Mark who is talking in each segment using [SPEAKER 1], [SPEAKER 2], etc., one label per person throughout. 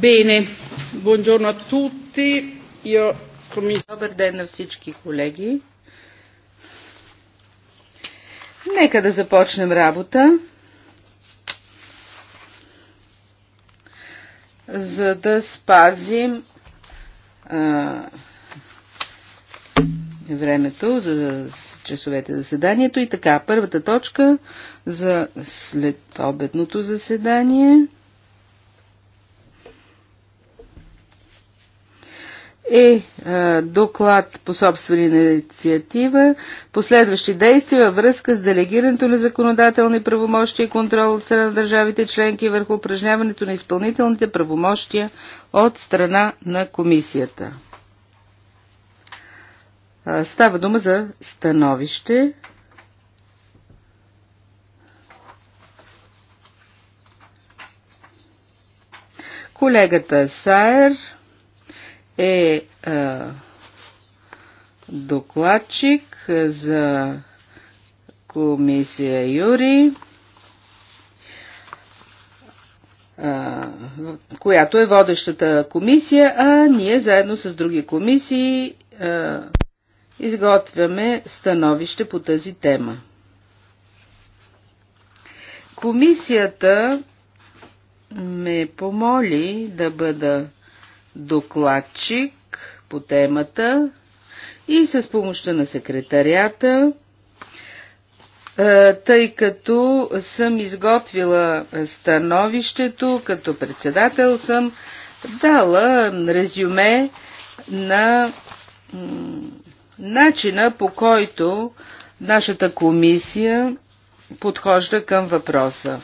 [SPEAKER 1] Bene, buongiorno a tutti. Io Добър ден на всички колеги. Нека да започнем работа. За да спазим а, времето за часовете за заседанието. И така, първата точка за след обедното заседание е доклад по собствена инициатива, последващи действия във връзка с делегирането на законодателни правомощия и контрол от страна на държавите членки върху упражняването на изпълнителните правомощия от страна на комисията. Става дума за становище. Колегата Сайер е а, докладчик за комисия Юри, а, която е водещата комисия, а ние заедно с други комисии а, изготвяме становище по тази тема. Комисията ме помоли да бъда докладчик по темата и с помощта на секретарията, е, тъй като съм изготвила становището, като председател съм дала резюме на начина по който нашата комисия подхожда към въпроса.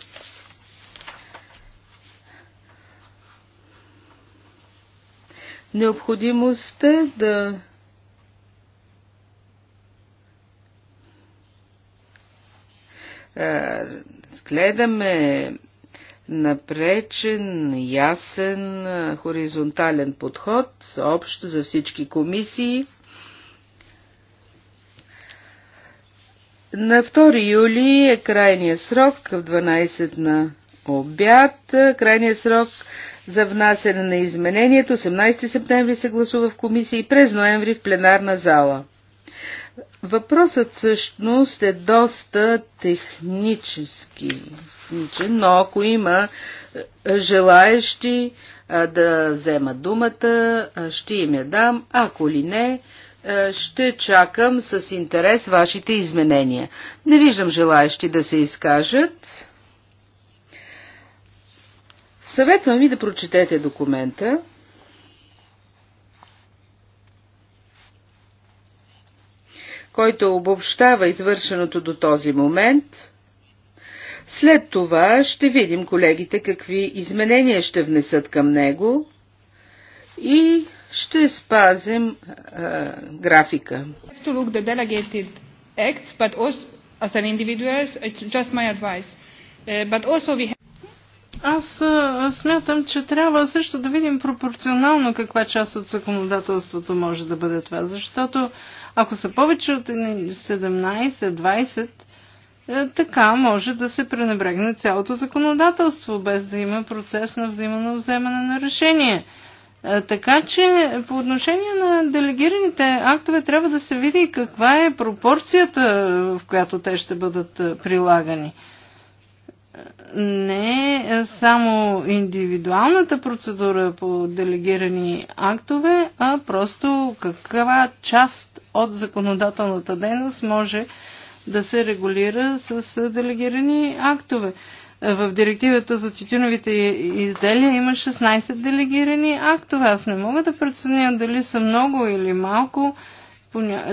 [SPEAKER 1] Необходимостта да е, гледаме напречен, ясен, е, хоризонтален подход, общ за всички комисии – На 2 юли е крайния срок в 12 на обяд. Крайният срок за внасяне на изменението 18 септември се гласува в комисия и през ноември в пленарна зала. Въпросът всъщност е доста технически, но ако има е, желаещи да вземат думата, ще им я дам, ако ли не, е, ще чакам с интерес вашите изменения. Не виждам желаящи да се изкажат. Съветвам ви да прочетете документа. който обобщава извършеното до този момент. След това ще видим колегите какви изменения ще внесат към него и ще спазим а, графика.
[SPEAKER 2] Uh, Аз смятам, че трябва също да видим пропорционално каква част от законодателството може да бъде това, защото ако са повече от 17-20, е, така може да се пренебрегне цялото законодателство, без да има процес на взимано вземане на решение. Е, така че по отношение на делегираните актове трябва да се види каква е пропорцията, в която те ще бъдат е, прилагани. Не е само индивидуалната процедура по делегирани актове, а просто каква част от законодателната дейност може да се регулира с делегирани актове в директивата за тютюновите изделия има 16 делегирани актове. Аз не мога да преценя дали са много или малко,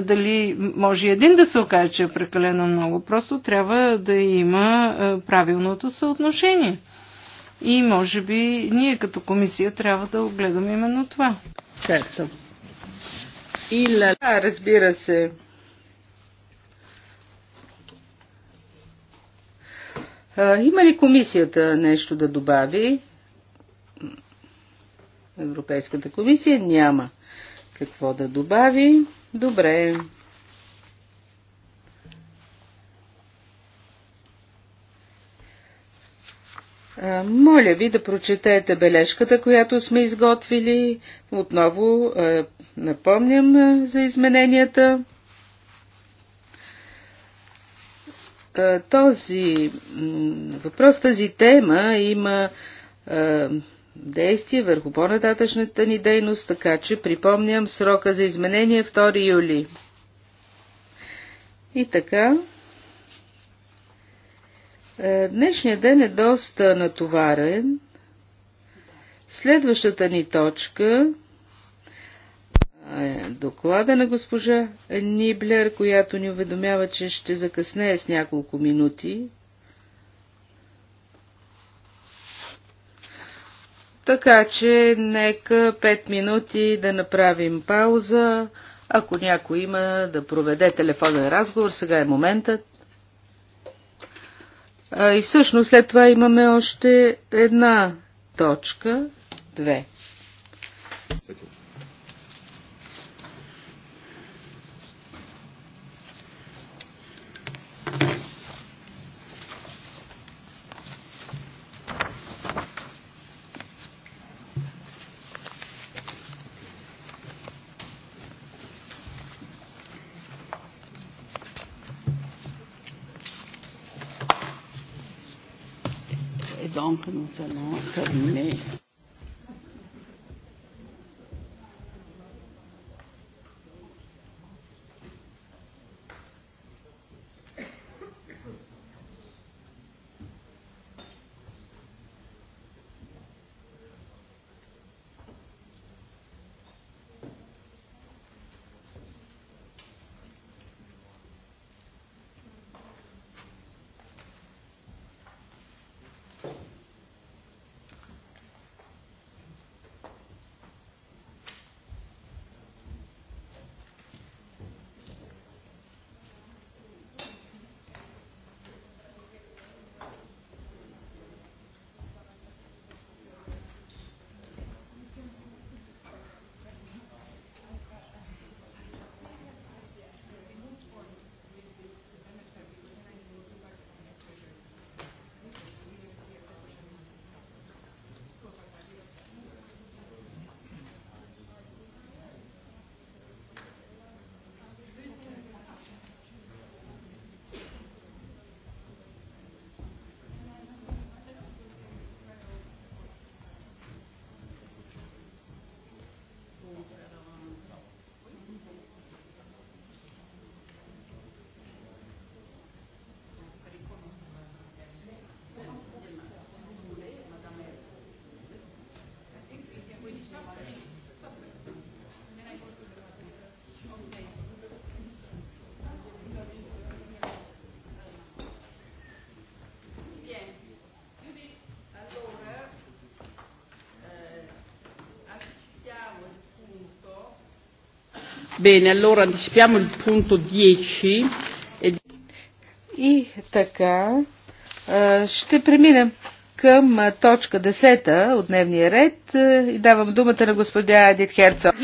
[SPEAKER 2] дали може един да се окаже, че е прекалено много. Просто трябва да има е, правилното съотношение. И може би ние като комисия трябва да огледаме
[SPEAKER 1] именно това. Certo. И разбира се. Има ли комисията нещо да добави? Европейската комисия няма какво да добави. Добре. Моля ви да прочетете бележката, която сме изготвили. Отново напомням за измененията. Е, този въпрос, тази тема има е, действие върху по-нататъчната ни дейност, така че припомням срока за изменение 2 юли. И така, е, днешният ден е доста натоварен. Следващата ни точка е, доклада на госпожа Ниблер, която ни уведомява, че ще закъснее с няколко минути. Така че нека 5 минути да направим пауза. Ако някой има да проведе телефонен разговор, сега е моментът. И всъщност след това имаме още една точка. Две. morgen, nous allons terminer. Bene, allora anticipiamo il punto 10. E и така, ще преминем към точка 10 от дневния ред и давам думата на господя Едит Херцог.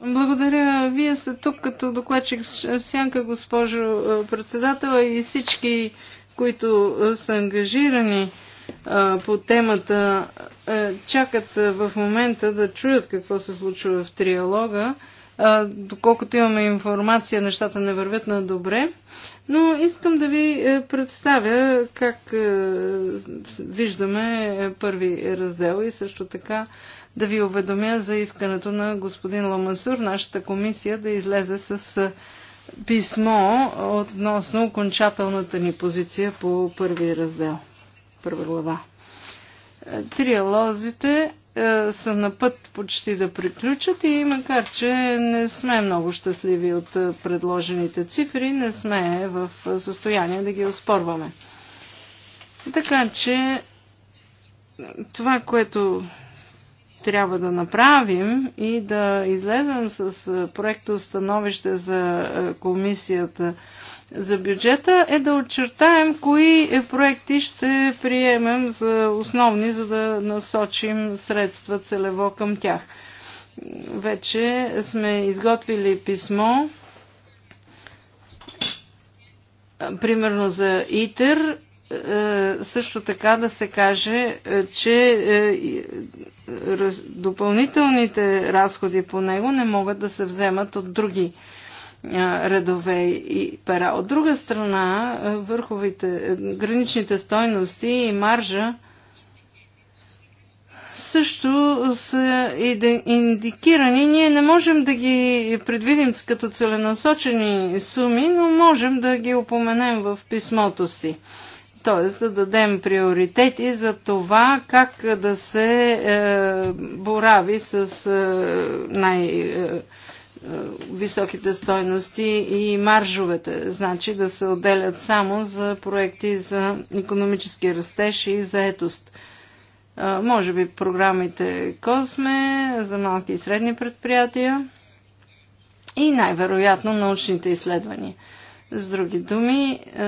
[SPEAKER 2] Благодаря. Вие сте тук като докладчик в сянка, госпожо председател и всички, които са ангажирани по темата, чакат в момента да чуят какво се случва в триалога. Доколкото имаме информация, нещата не вървят на добре. Но искам да ви е, представя как е, виждаме е, първи раздел и също така да ви уведомя за искането на господин Ламасур, нашата комисия, да излезе с писмо относно окончателната ни позиция по първи раздел, първа глава. Триалозите е, са на път почти да приключат и макар, че не сме много щастливи от е, предложените цифри, не сме в състояние да ги оспорваме. Така че това, което трябва да направим и да излезем с е, проекто становище за е, комисията за бюджета е да очертаем кои е, проекти ще приемем за основни, за да насочим средства целево към тях. Вече сме изготвили писмо примерно за ИТЕР е, също така да се каже, е, че е, допълнителните разходи по него не могат да се вземат от други редове и пера. От друга страна, върховите, граничните стойности и маржа също са индикирани. Ние не можем да ги предвидим като целенасочени суми, но можем да ги упоменем в писмото си т.е. да дадем приоритети за това как да се е, борави с е, най-високите е, е стойности и маржовете. Значи да се отделят само за проекти за економически растеж и заетост. Е, може би програмите Косме за малки и средни предприятия и най-вероятно научните изследвания. С други думи, е,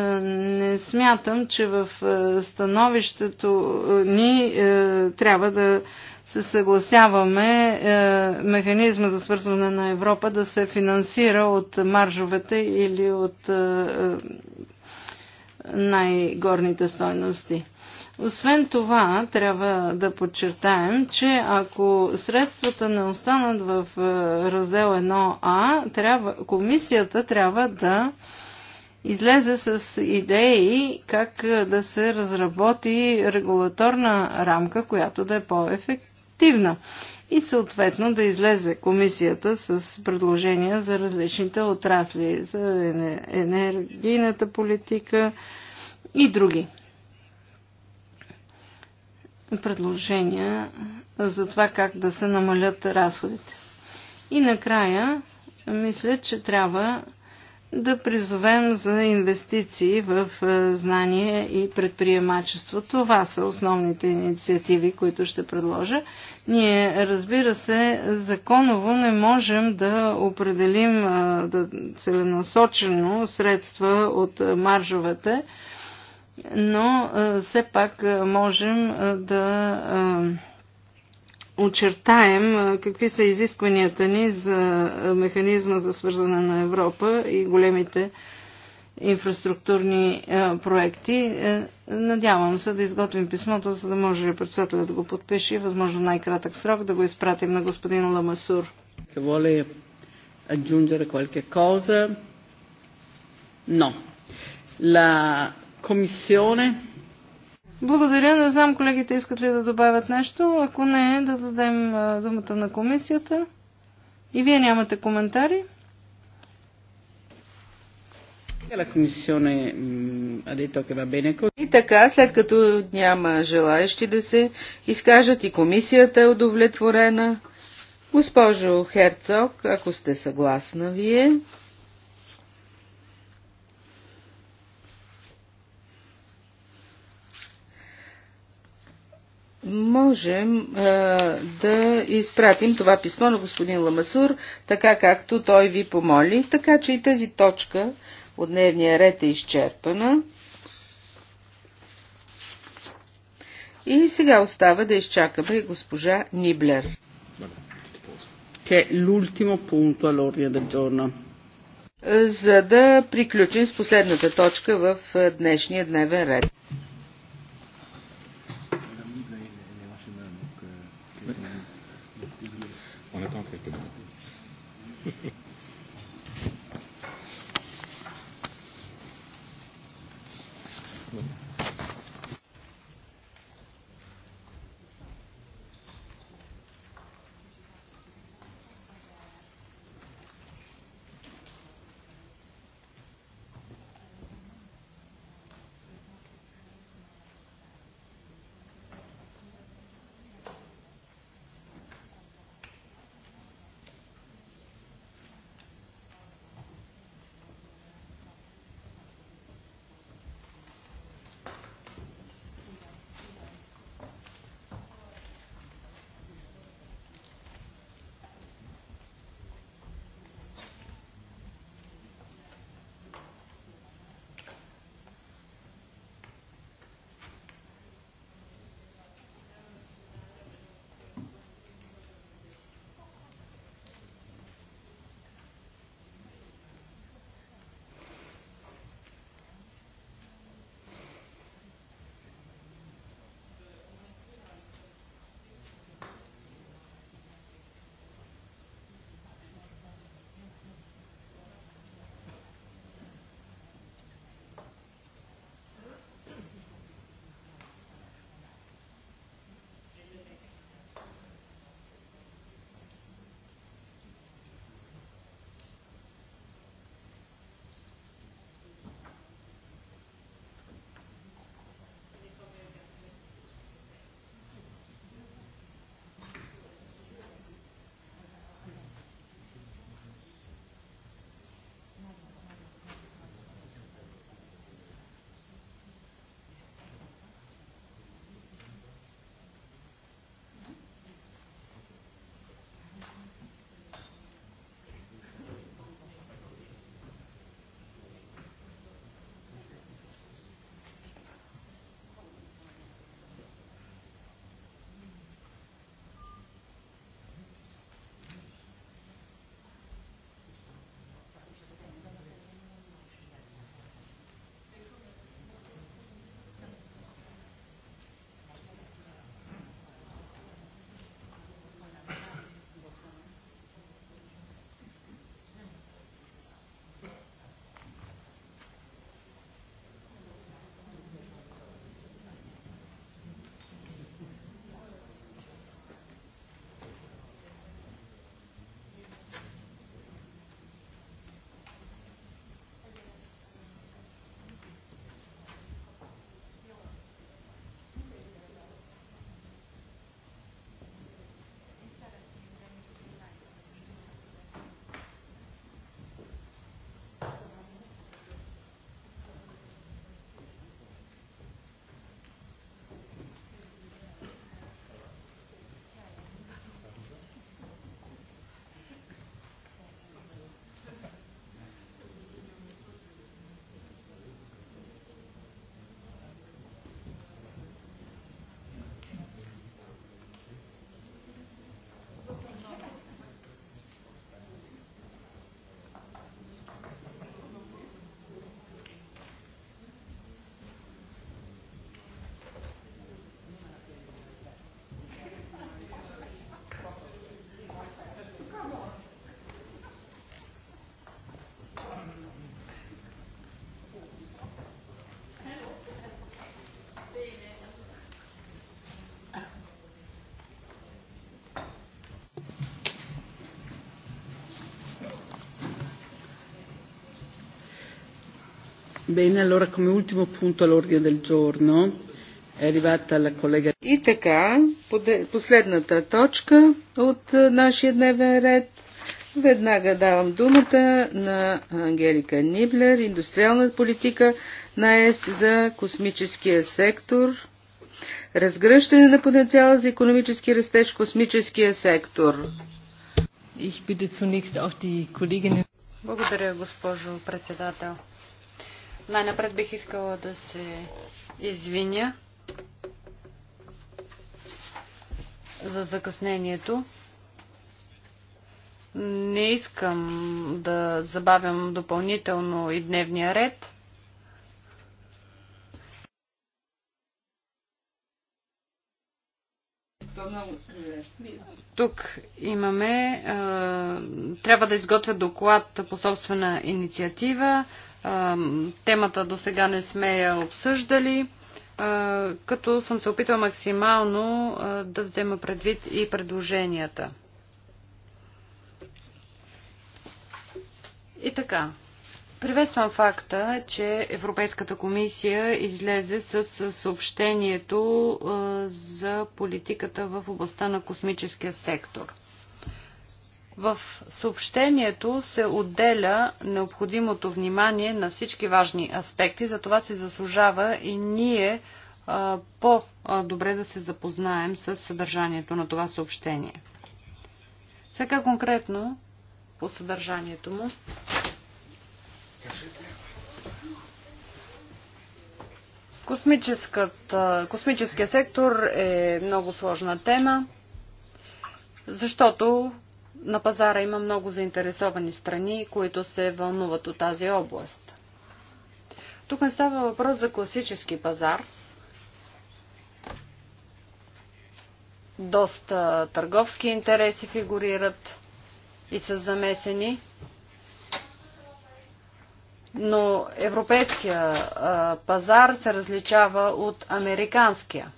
[SPEAKER 2] не смятам, че в е, становището е, ни трябва да се съгласяваме механизма за свързване на Европа да се финансира от маржовете или от най-горните стойности. Освен това, трябва да подчертаем, че ако средствата не останат в раздел 1А, трябва, комисията трябва да излезе с идеи как да се разработи регулаторна рамка, която да е по-ефективна. И съответно да излезе комисията с предложения за различните отрасли, за енергийната политика и други предложения за това как да се намалят разходите. И накрая, мисля, че трябва да призовем за инвестиции в е, знание и предприемачество. Това са основните инициативи, които ще предложа. Ние, разбира се, законово не можем да определим е, да целенасочено средства от маржовете, но е, все пак можем да очертаем какви са изискванията ни за механизма за свързване на Европа и големите инфраструктурни проекти. Е, надявам се да изготвим писмото, за да може председателят да го подпише и възможно най-кратък срок да го изпратим на господин Ламасур. Но. aggiungere qualche
[SPEAKER 1] Commissione
[SPEAKER 2] благодаря. Не знам колегите искат ли да добавят нещо. Ако не, да дадем думата на комисията. И вие нямате коментари.
[SPEAKER 1] И така, след като няма желаещи да се изкажат и комисията е удовлетворена, госпожо Херцог, ако сте съгласна вие. можем а, е, да изпратим това писмо на господин Ламасур, така както той ви помоли, така че и тази точка от дневния ред е изчерпана. И сега остава да изчакаме госпожа Ниблер. За да приключим с последната точка в е, днешния дневен ред. On attend quelques minutes. И така, последната точка от е, нашия дневен ред. Веднага давам думата на Ангелика Ниблер, индустриална политика на ЕС за космическия сектор, разгръщане на потенциала за економически растеж в космическия сектор.
[SPEAKER 3] Благодаря, госпожо председател. Най-напред бих искала да се извиня за закъснението. Не искам да забавям допълнително и дневния ред. Тук имаме. Трябва да изготвя доклад по собствена инициатива Темата до сега не сме я обсъждали, като съм се опитала максимално да взема предвид и предложенията. И така, Приветствам факта, че Европейската комисия излезе с съобщението за политиката в областта на космическия сектор. В съобщението се отделя необходимото внимание на всички важни аспекти, затова се заслужава и ние по-добре да се запознаем с съдържанието на това съобщение. Сега конкретно по съдържанието му. Космическия сектор е много сложна тема, защото на пазара има много заинтересовани страни, които се вълнуват от тази област. Тук не става въпрос за класически пазар. Доста търговски интереси фигурират и са замесени. Но европейския пазар се различава от американския.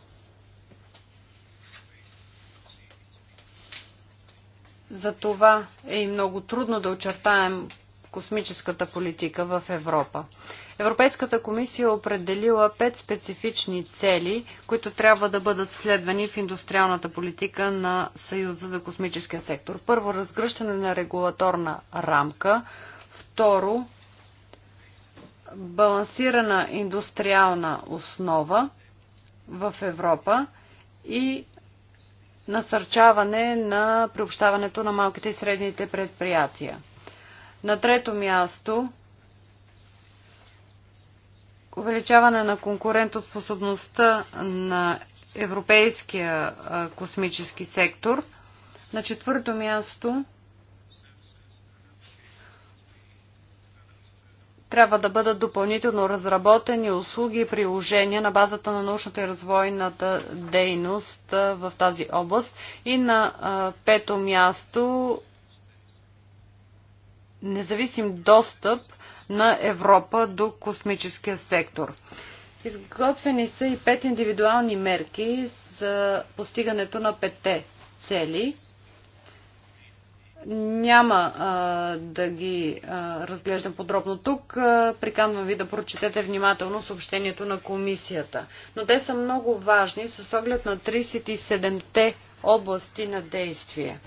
[SPEAKER 3] Затова е и много трудно да очертаем космическата политика в Европа. Европейската комисия е определила пет специфични цели, които трябва да бъдат следвани в индустриалната политика на Съюза за космическия сектор. Първо, разгръщане на регулаторна рамка. Второ, балансирана индустриална основа в Европа. И насърчаване на приобщаването на малките и средните предприятия. На трето място увеличаване на конкурентоспособността на европейския космически сектор. На четвърто място Трябва да бъдат допълнително разработени услуги и приложения на базата на научната и развойната дейност в тази област. И на пето място независим достъп на Европа до космическия сектор. Изготвени са и пет индивидуални мерки за постигането на петте цели – няма а, да ги а, разглеждам подробно тук. А, приканвам ви да прочетете внимателно съобщението на комисията. Но те са много важни с оглед на 37-те области на действие.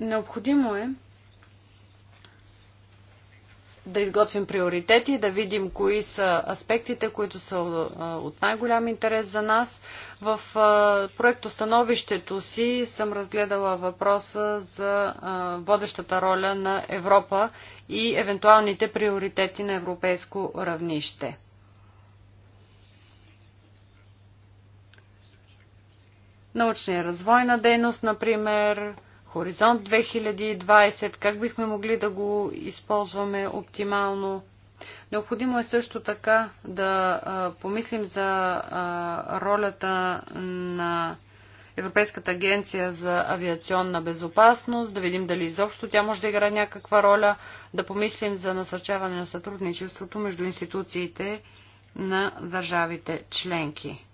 [SPEAKER 3] Необходимо е да изготвим приоритети, да видим кои са аспектите, които са от най-голям интерес за нас. В проектостановището си съм разгледала въпроса за водещата роля на Европа и евентуалните приоритети на европейско равнище. Научния развой на дейност, например, Хоризонт 2020, как бихме могли да го използваме оптимално. Необходимо е също така да помислим за ролята на Европейската агенция за авиационна безопасност, да видим дали изобщо тя може да играе някаква роля, да помислим за насърчаване на сътрудничеството между институциите на държавите членки.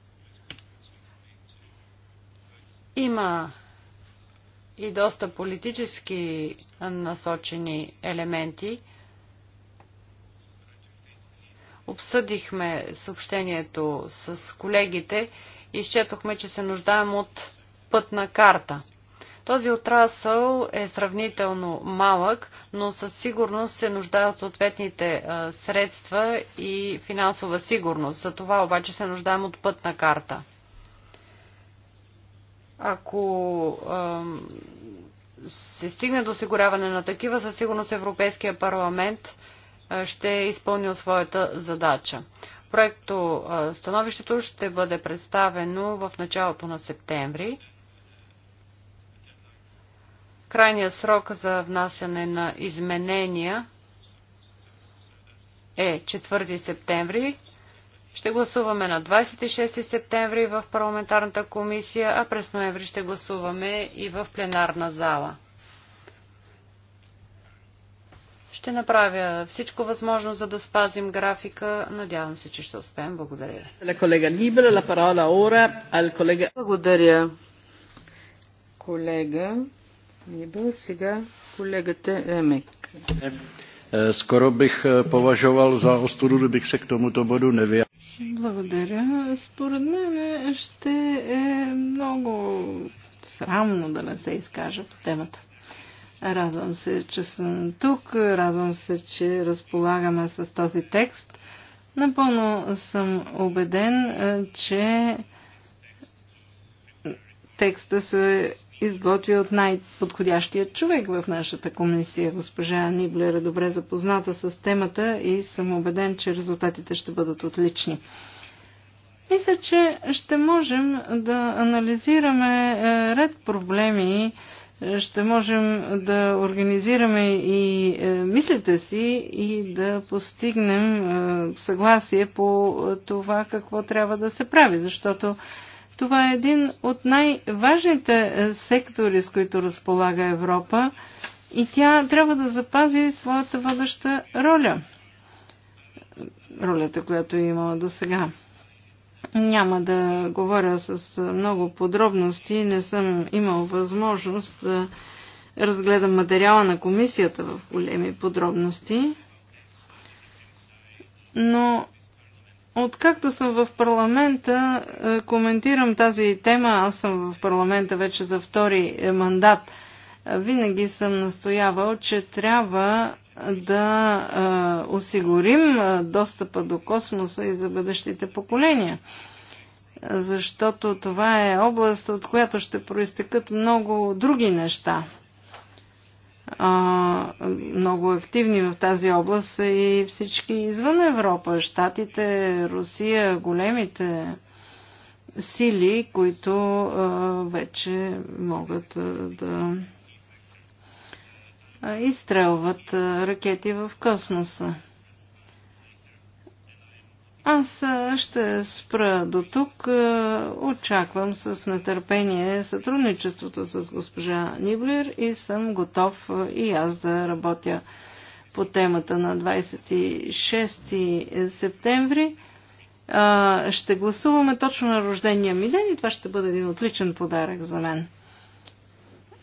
[SPEAKER 3] Има и доста политически насочени елементи. Обсъдихме съобщението с колегите и изчетохме, че се нуждаем от пътна карта. Този отрасъл е сравнително малък, но със сигурност се нуждае от съответните средства и финансова сигурност. За това обаче се нуждаем от пътна карта. Ако се стигне до осигуряване на такива, със сигурност Европейския парламент ще е изпълнил своята задача. Проекто становището ще бъде представено в началото на септември. Крайният срок за внасяне на изменения е 4 септември, ще гласуваме на 26 септември в парламентарната комисия, а през ноември ще гласуваме и в пленарна зала. Ще направя всичко възможно, за да спазим графика. Надявам се, че ще успеем. Благодаря ви.
[SPEAKER 1] Е, Благодаря, колега Нибел. Сега колегата Ремек. Е,
[SPEAKER 2] е, скоро бих považoval za ostudu, kdybych se k tomuto bodu nevyjádřil. Благодаря. Според мен ще е много срамно да не се изкажа по темата. Радвам се, че съм тук. Радвам се, че разполагаме с този текст. Напълно съм убеден, е, че текста се изготви от най-подходящия човек в нашата комисия. Госпожа Ниблер е добре запозната с темата и съм убеден, че резултатите ще бъдат отлични. Мисля, че ще можем да анализираме е, ред проблеми, е, ще можем да организираме и е, мислите си и да постигнем съгласие по това какво трябва да се прави, защото това е един от най-важните е, сектори, с които разполага Европа и тя трябва да запази своята бъдеща роля. Ролята, която е имала до сега. Няма да говоря с много подробности, не съм имал възможност да разгледам материала на комисията в големи подробности, но Откакто съм в парламента, е, коментирам тази тема. Аз съм в парламента вече за втори е, мандат. Е, винаги съм настоявал, че трябва да осигурим достъпа до космоса и за бъдещите поколения. Защото това е област, от която ще проистекат много други неща много активни в тази област са и всички извън Европа. Штатите, Русия, големите сили, които вече могат да изстрелват ракети в космоса. Аз ще спра до тук. Очаквам с нетърпение сътрудничеството с госпожа Ниблер и съм готов и аз да работя по темата на 26 септември. Ще гласуваме точно на рождения ми ден и това ще бъде един отличен подарък за мен.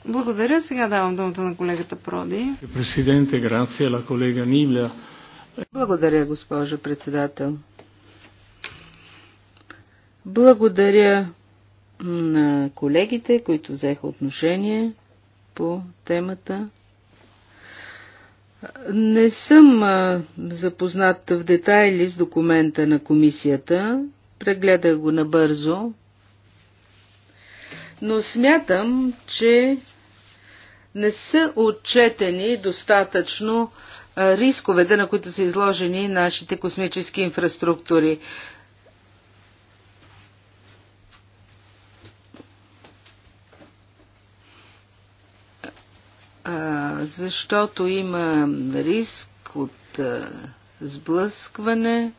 [SPEAKER 2] Благодаря. Сега давам думата на колегата
[SPEAKER 1] Проди. Благодаря, госпожо председател. Благодаря на колегите, които взеха отношение по темата. Не съм запознат в детайли с документа на комисията. Прегледах го набързо. Но смятам, че не са отчетени достатъчно рисковете, на които са изложени нашите космически инфраструктури. защото има риск от сблъскване.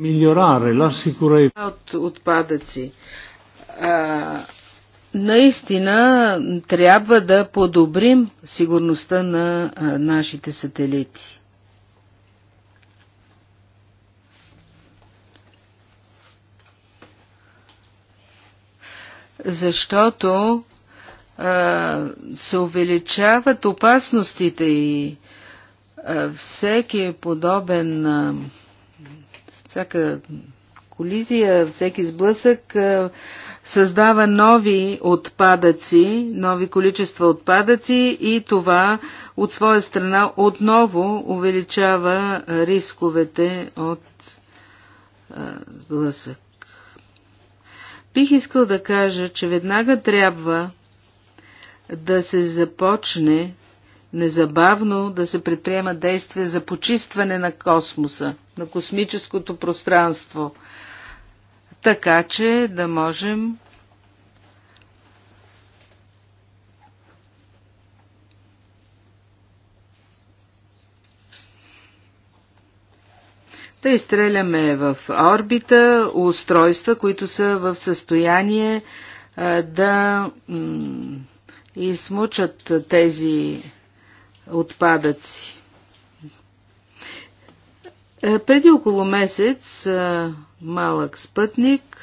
[SPEAKER 1] Милиораре, ла От отпадъци. наистина трябва да подобрим сигурността на а, нашите сателити. Защото се увеличават опасностите и всеки подобен всяка колизия, всеки сблъсък създава нови отпадъци, нови количества отпадъци и това от своя страна отново увеличава рисковете от сблъсък. Бих искал да кажа, че веднага трябва да се започне незабавно да се предприема действия за почистване на космоса, на космическото пространство, така че да можем да изстреляме в орбита устройства, които са в състояние да и смучат тези отпадъци. Е, преди около месец е, малък спътник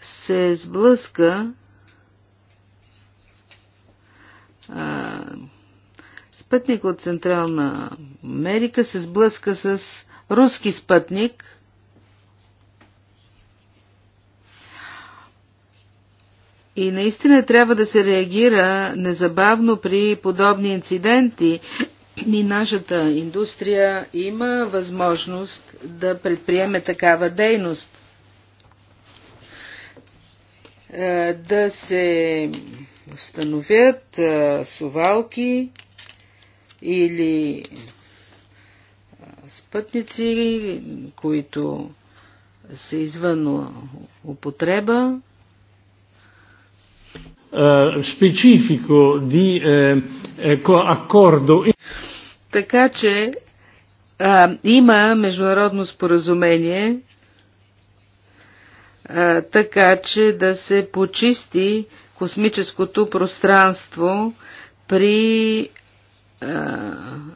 [SPEAKER 1] се сблъска е, спътник от Централна Америка се сблъска с руски спътник – И наистина трябва да се реагира незабавно при подобни инциденти. И нашата индустрия има възможност да предприеме такава дейност. Е, да се установят е, сувалки или е, спътници, които са извън употреба
[SPEAKER 2] специфико ди
[SPEAKER 1] аккордо. Така че а, eh, има международно споразумение, а, eh, така че да се почисти космическото пространство при eh,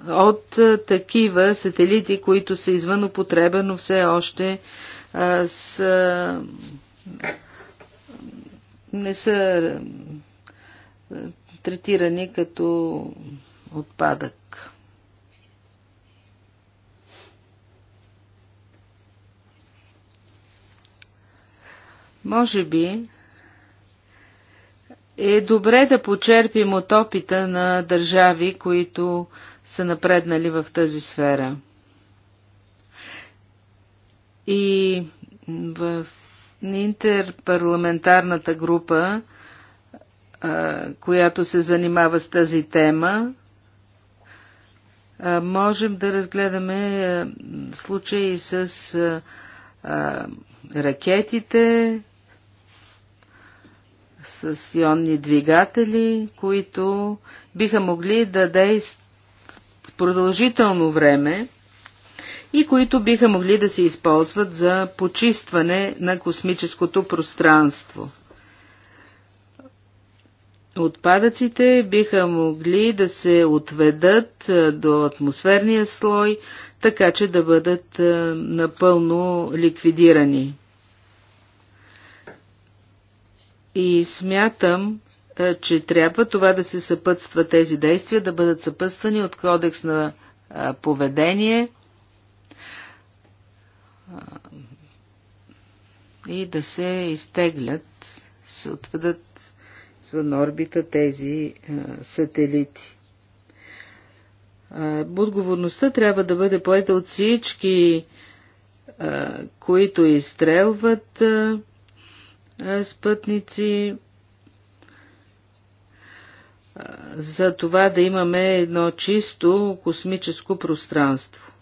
[SPEAKER 1] от такива сателити, които са извън употреба, но все още а, с а, не са е, третирани като отпадък. Може би е добре да почерпим от опита на държави, които са напреднали в тази сфера. И в Интерпарламентарната група, която се занимава с тази тема, можем да разгледаме случаи с ракетите, с ионни двигатели, които биха могли да действат продължително време и които биха могли да се използват за почистване на космическото пространство. Отпадъците биха могли да се отведат до атмосферния слой, така че да бъдат напълно ликвидирани. И смятам, че трябва това да се съпътства, тези действия да бъдат съпътствани от кодекс на поведение – и да се изтеглят, се отведат извън орбита тези а, сателити. А, отговорността трябва да бъде поета от всички, а, които изстрелват а, а, спътници, а, за това да имаме едно чисто космическо пространство.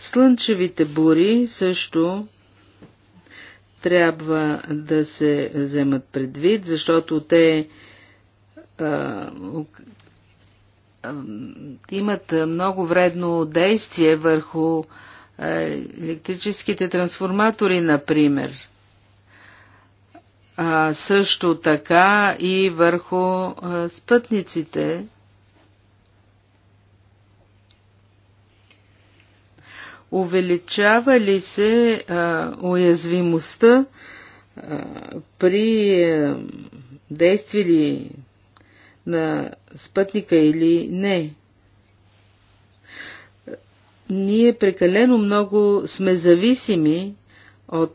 [SPEAKER 1] Слънчевите бури също трябва да се вземат предвид, защото те а, имат много вредно действие върху електрическите трансформатори, например. А също така и върху спътниците, увеличава ли се а, уязвимостта а, при а, действие ли на спътника или не. Ние прекалено много сме зависими от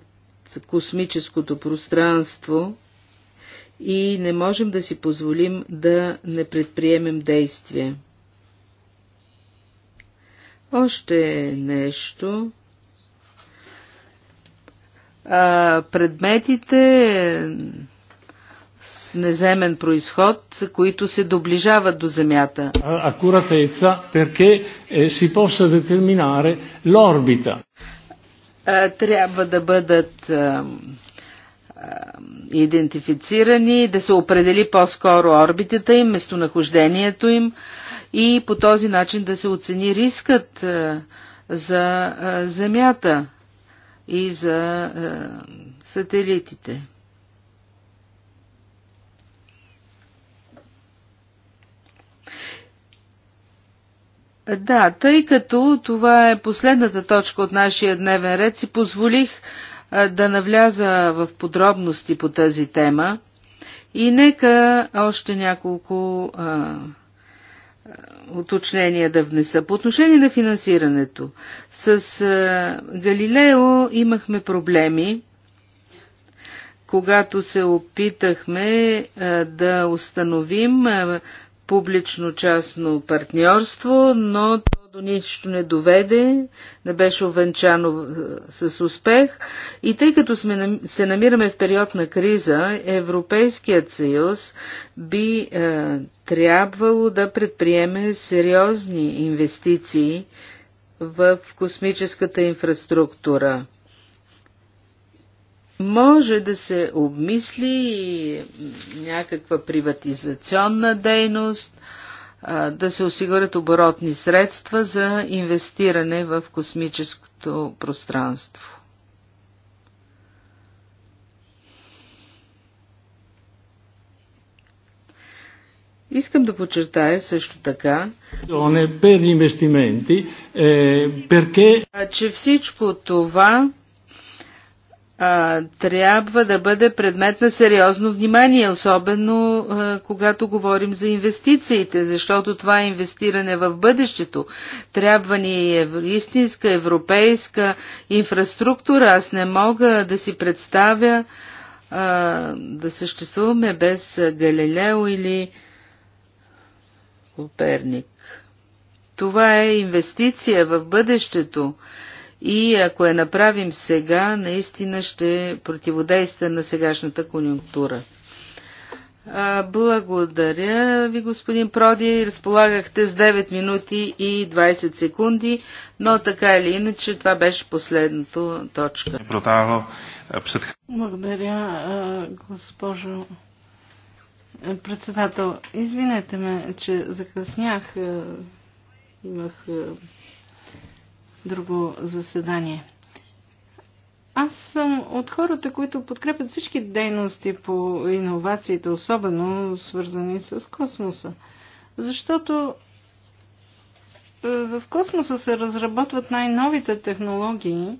[SPEAKER 1] космическото пространство и не можем да си позволим да не предприемем действия. Още нещо. А, предметите с неземен происход, които се доближават до земята. Акуратеца, перке е, си поса детерминаре лорбита. Трябва да бъдат а, идентифицирани, да се определи по-скоро орбитата им, местонахождението им и по този начин да се оцени рискът е, за е, Земята и за е, сателитите. Да, тъй като това е последната точка от нашия дневен ред, си позволих да навляза в подробности по тази тема. И нека още няколко а, уточнения да внеса. По отношение на финансирането, с Галилео имахме проблеми, когато се опитахме да установим публично-частно партньорство, но то до нищо не доведе, не беше овенчано е, с успех. И тъй като сме, се намираме в период на криза, Европейският съюз би е, трябвало да предприеме сериозни инвестиции в космическата инфраструктура. Може да се обмисли и някаква приватизационна дейност – да се осигурят оборотни средства за инвестиране в космическото пространство. Искам да подчертая също така, е, че всичко това а, трябва да бъде предмет на сериозно внимание, особено а, когато говорим за инвестициите, защото това е инвестиране в бъдещето. Трябва ни е истинска европейска инфраструктура. Аз не мога да си представя а, да съществуваме без Галилео или Коперник. Това е инвестиция в бъдещето. И ако я направим сега, наистина ще противодейства на сегашната конюнктура. Благодаря ви, господин Проди. Разполагахте с 9 минути и 20 секунди, но така или иначе това беше последната точка.
[SPEAKER 2] Благодаря, госпожо председател. Извинете ме, че закъснях. Имах друго заседание. Аз съм от хората, които подкрепят всички дейности по иновациите, особено свързани с космоса. Защото е, в космоса се разработват най-новите технологии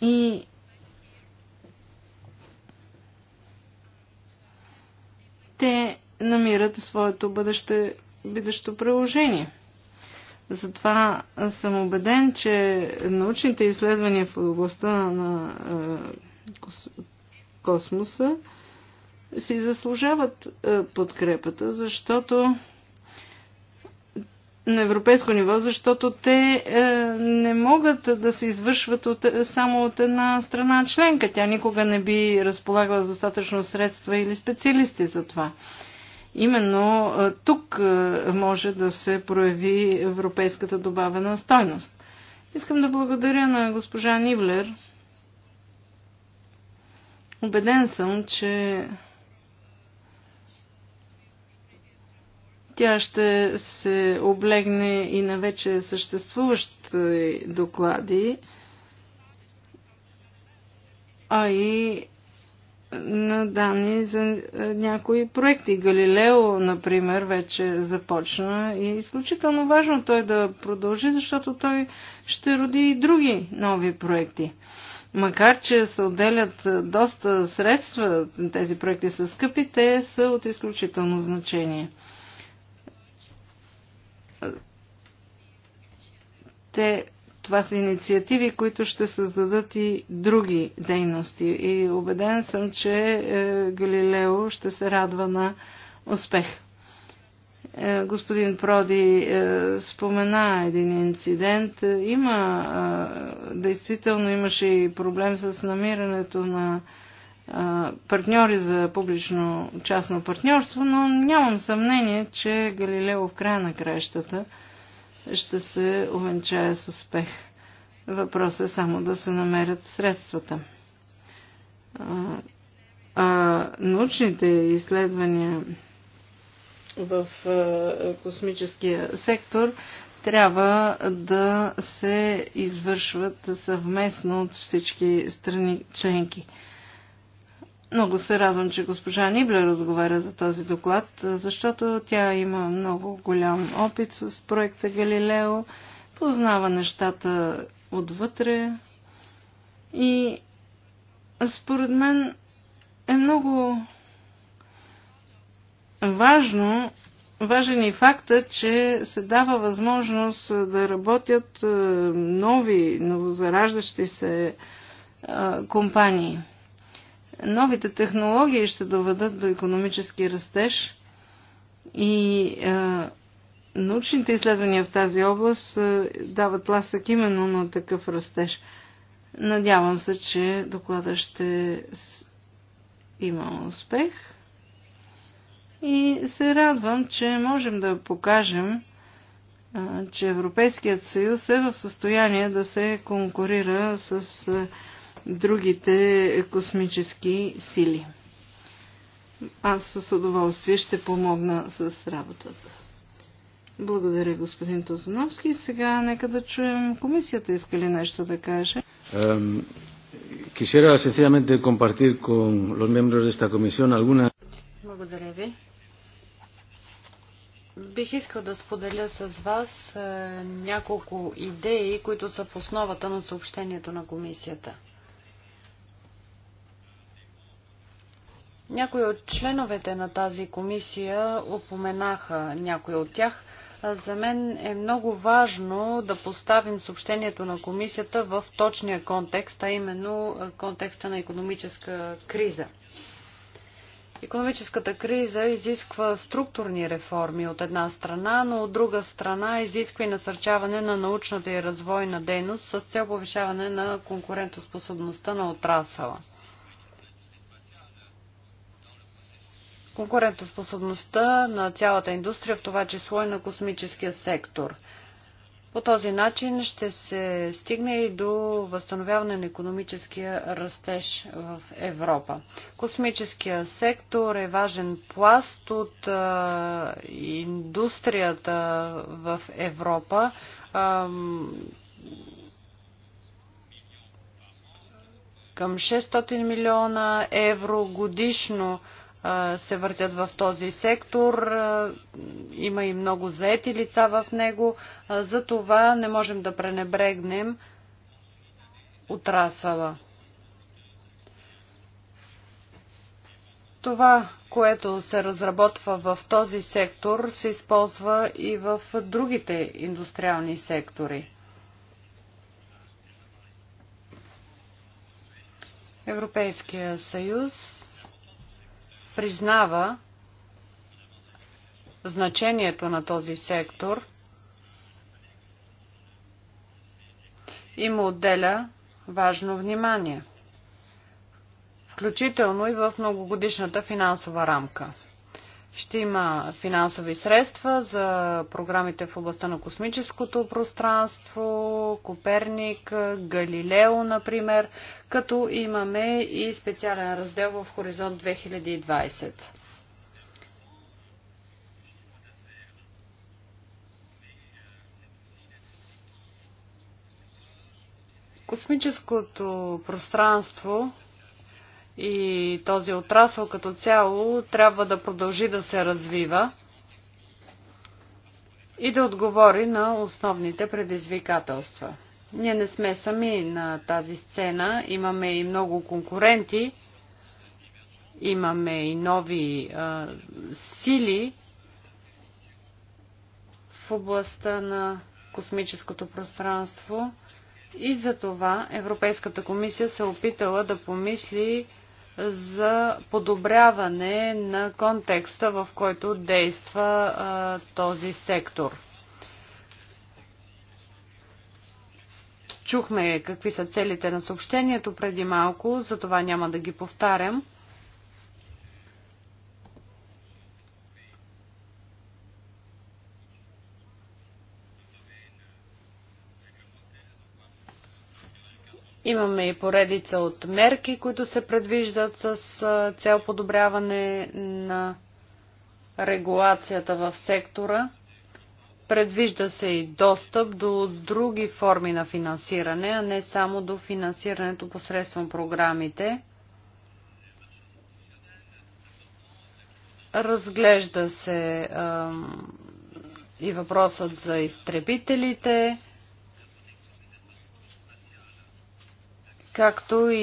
[SPEAKER 2] и те намират своето бъдеще, бъдещо приложение. Затова съм убеден, че научните изследвания в областта на е, космоса си заслужават е, подкрепата, защото на европейско ниво, защото те е, не могат да се извършват от, е, само от една страна членка. Тя никога не би разполагала с достатъчно средства или специалисти за това. Е, Именно тук може да се прояви европейската добавена стойност. Искам да благодаря на госпожа Нивлер. Обеден съм, че тя ще се облегне и на вече съществуващи доклади, а и на данни за е, някои проекти. Галилео, например, вече започна и е изключително важно той да продължи, защото той ще роди и други нови проекти. Макар, че се отделят е, доста средства, тези проекти са скъпи, те са от изключително значение. Е, те това са инициативи, които ще създадат и други дейности. И убеден съм, че е, Галилео ще се радва на успех. Е, господин Проди е, спомена един инцидент. Има, действително имаше и проблем с намирането на партньори за публично-частно партньорство, но нямам съмнение, че Галилео в края на краищата – ще се увенчае с успех. Въпросът е само да се намерят средствата. А, научните изследвания в космическия сектор трябва да се извършват съвместно от всички страни членки. Много се радвам, че госпожа Ниблер отговаря за този доклад, защото тя има много голям опит с проекта Галилео, познава нещата отвътре и според мен е много важно, важен и факта, че се дава възможност да работят е, нови, новозараждащи се е, компании – новите технологии ще доведат до економически растеж и е, научните изследвания в тази област е, дават ласък именно на такъв растеж. Надявам се, че доклада ще има успех и се радвам, че можем да покажем, е, че Европейският съюз е в състояние да се конкурира с е, другите космически сили. Аз с удоволствие ще помогна с работата. Благодаря, господин Тозановски. Сега нека да чуем комисията иска ли нещо да каже. Quisiera sencillamente compartir con los miembros de esta comisión
[SPEAKER 1] alguna...
[SPEAKER 3] Благодаря ви. Бих искал да споделя с вас е, няколко идеи, които са в основата на съобщението на комисията. Някои от членовете на тази комисия опоменаха някои от тях. За мен е много важно да поставим съобщението на комисията в точния контекст, а именно контекста на економическа криза. Економическата криза изисква структурни реформи от една страна, но от друга страна изисква и насърчаване на научната и развойна дейност с цел повишаване на конкурентоспособността на отрасъла. конкурентоспособността на цялата индустрия, в това число и на космическия сектор. По този начин ще се стигне и до възстановяване на економическия растеж в Европа. Космическия сектор е важен пласт от а, индустрията в Европа. А, към 600 милиона евро годишно а, се въртят в този сектор. Има и много заети лица в него. За това не можем да пренебрегнем отрасъла. Това, което се разработва в този сектор, се използва и в другите индустриални сектори. Европейския съюз признава значението на този сектор и му отделя важно внимание, включително и в многогодишната финансова рамка. Ще има финансови средства за програмите в областта на космическото пространство, Коперник, Галилео, например, като имаме и специален раздел в Хоризонт 2020. Космическото пространство и този отрасъл като цяло трябва да продължи да се развива и да отговори на основните предизвикателства. Ние не сме сами на тази сцена, имаме и много конкуренти, имаме и нови а, сили в областта на космическото пространство и за това Европейската комисия се е опитала да помисли за подобряване на контекста, в който действа а, този сектор. Чухме какви са целите на съобщението преди малко, затова няма да ги повтарям. Имаме и поредица от мерки, които се предвиждат с цел подобряване на регулацията в сектора. Предвижда се и достъп до други форми на финансиране, а не само до финансирането посредством програмите. Разглежда се и въпросът за изтребителите както и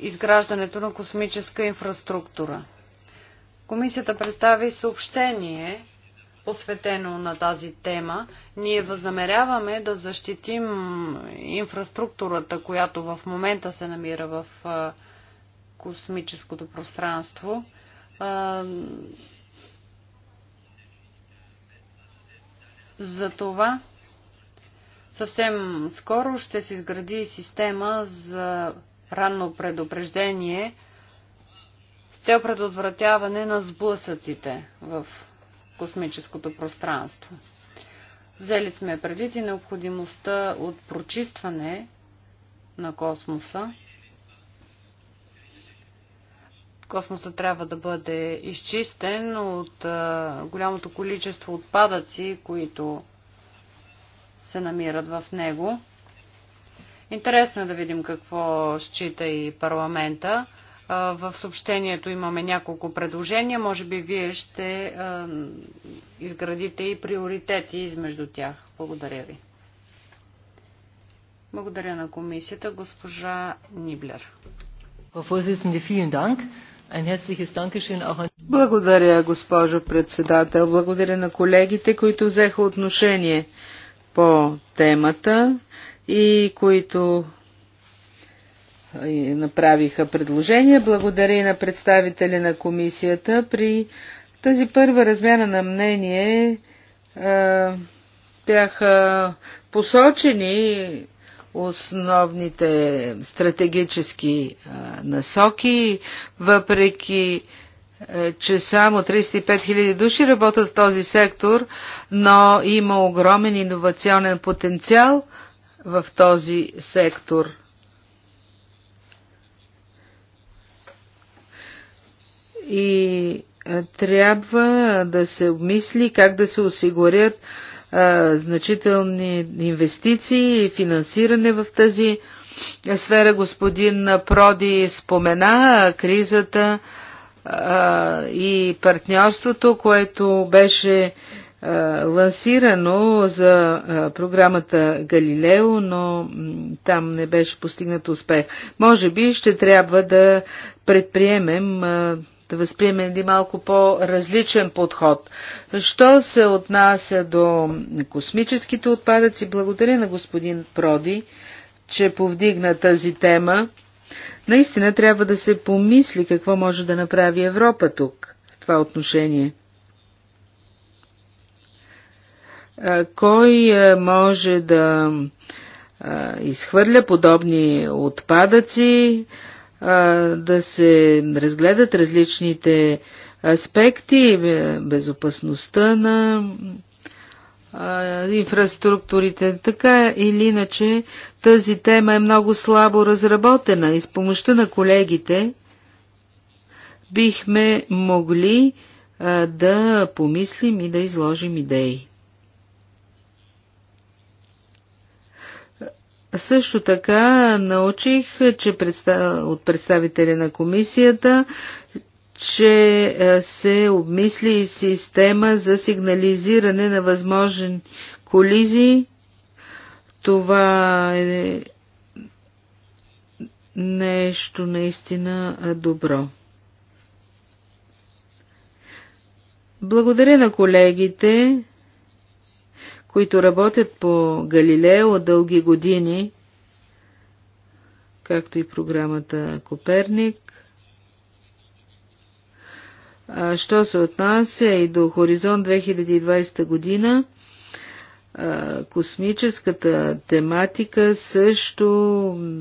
[SPEAKER 3] изграждането на космическа инфраструктура. Комисията представи съобщение, посветено на тази тема. Ние възнамеряваме да защитим инфраструктурата, която в момента се намира в космическото пространство. За това Съвсем скоро ще се изгради система за ранно предупреждение с цел предотвратяване на сблъсъците в космическото пространство. Взели сме предвид и необходимостта от прочистване на космоса. Космоса трябва да бъде изчистен от а, голямото количество отпадъци, които се намират в него. Интересно е да видим какво счита и парламента. В съобщението имаме няколко предложения. Може би вие ще изградите и приоритети измежду тях. Благодаря ви. Благодаря на комисията.
[SPEAKER 1] Госпожа Ниблер. Благодаря, госпожо председател. Благодаря на колегите, които взеха отношение по темата и които направиха предложения. Благодаря и на представители на комисията. При тази първа размяна на мнение бяха посочени основните стратегически насоки, въпреки е, че само 35 000 души работят в този сектор, но има огромен иновационен потенциал в този сектор. И е, трябва да се обмисли как да се осигурят а, е, значителни инвестиции и финансиране в тази сфера. Господин Проди спомена кризата и партньорството, което беше е, лансирано за е, програмата Галилео, но там не беше постигнат успех. Може би ще трябва да предприемем, е, да възприемем един малко по-различен подход. Що се отнася до космическите отпадъци, благодаря на господин Проди, че повдигна тази тема. Наистина трябва да се помисли какво може да направи Европа тук, в това отношение. Кой може да изхвърля подобни отпадъци, да се разгледат различните аспекти, безопасността на инфраструктурите. Така или иначе тази тема е много слабо разработена и с помощта на колегите бихме могли а, да помислим и да изложим идеи. Също така научих, че от представителя на комисията, че е, се обмисли и система за сигнализиране на възможен колизии. Това е нещо наистина е, добро. Благодаря на колегите, които работят по Галилео дълги години, както и програмата Коперник. Що се отнася и до Хоризонт 2020 година, космическата тематика също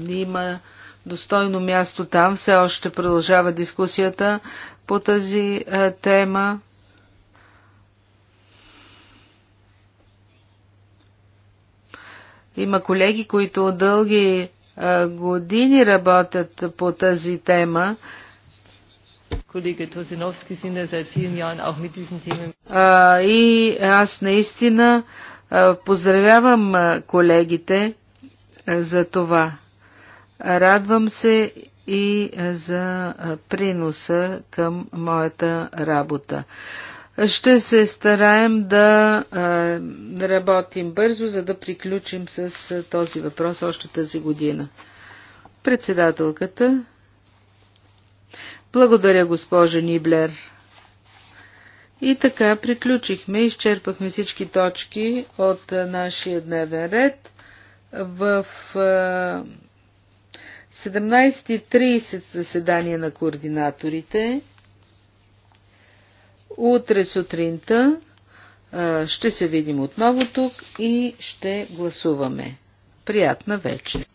[SPEAKER 1] има достойно място там. Все още продължава дискусията по тази тема. Има колеги, които дълги години работят по тази тема Колега Tosinowski sind ja seit и аз наистина поздравявам колегите за това. Радвам се и за приноса към моята работа. Ще се стараем да работим бързо, за да приключим с този въпрос още тази година. Председателката благодаря, госпожо Ниблер. И така приключихме, изчерпахме всички точки от нашия дневен ред. В 17.30 заседание на координаторите. Утре сутринта ще се видим отново тук и ще гласуваме. Приятна вечер!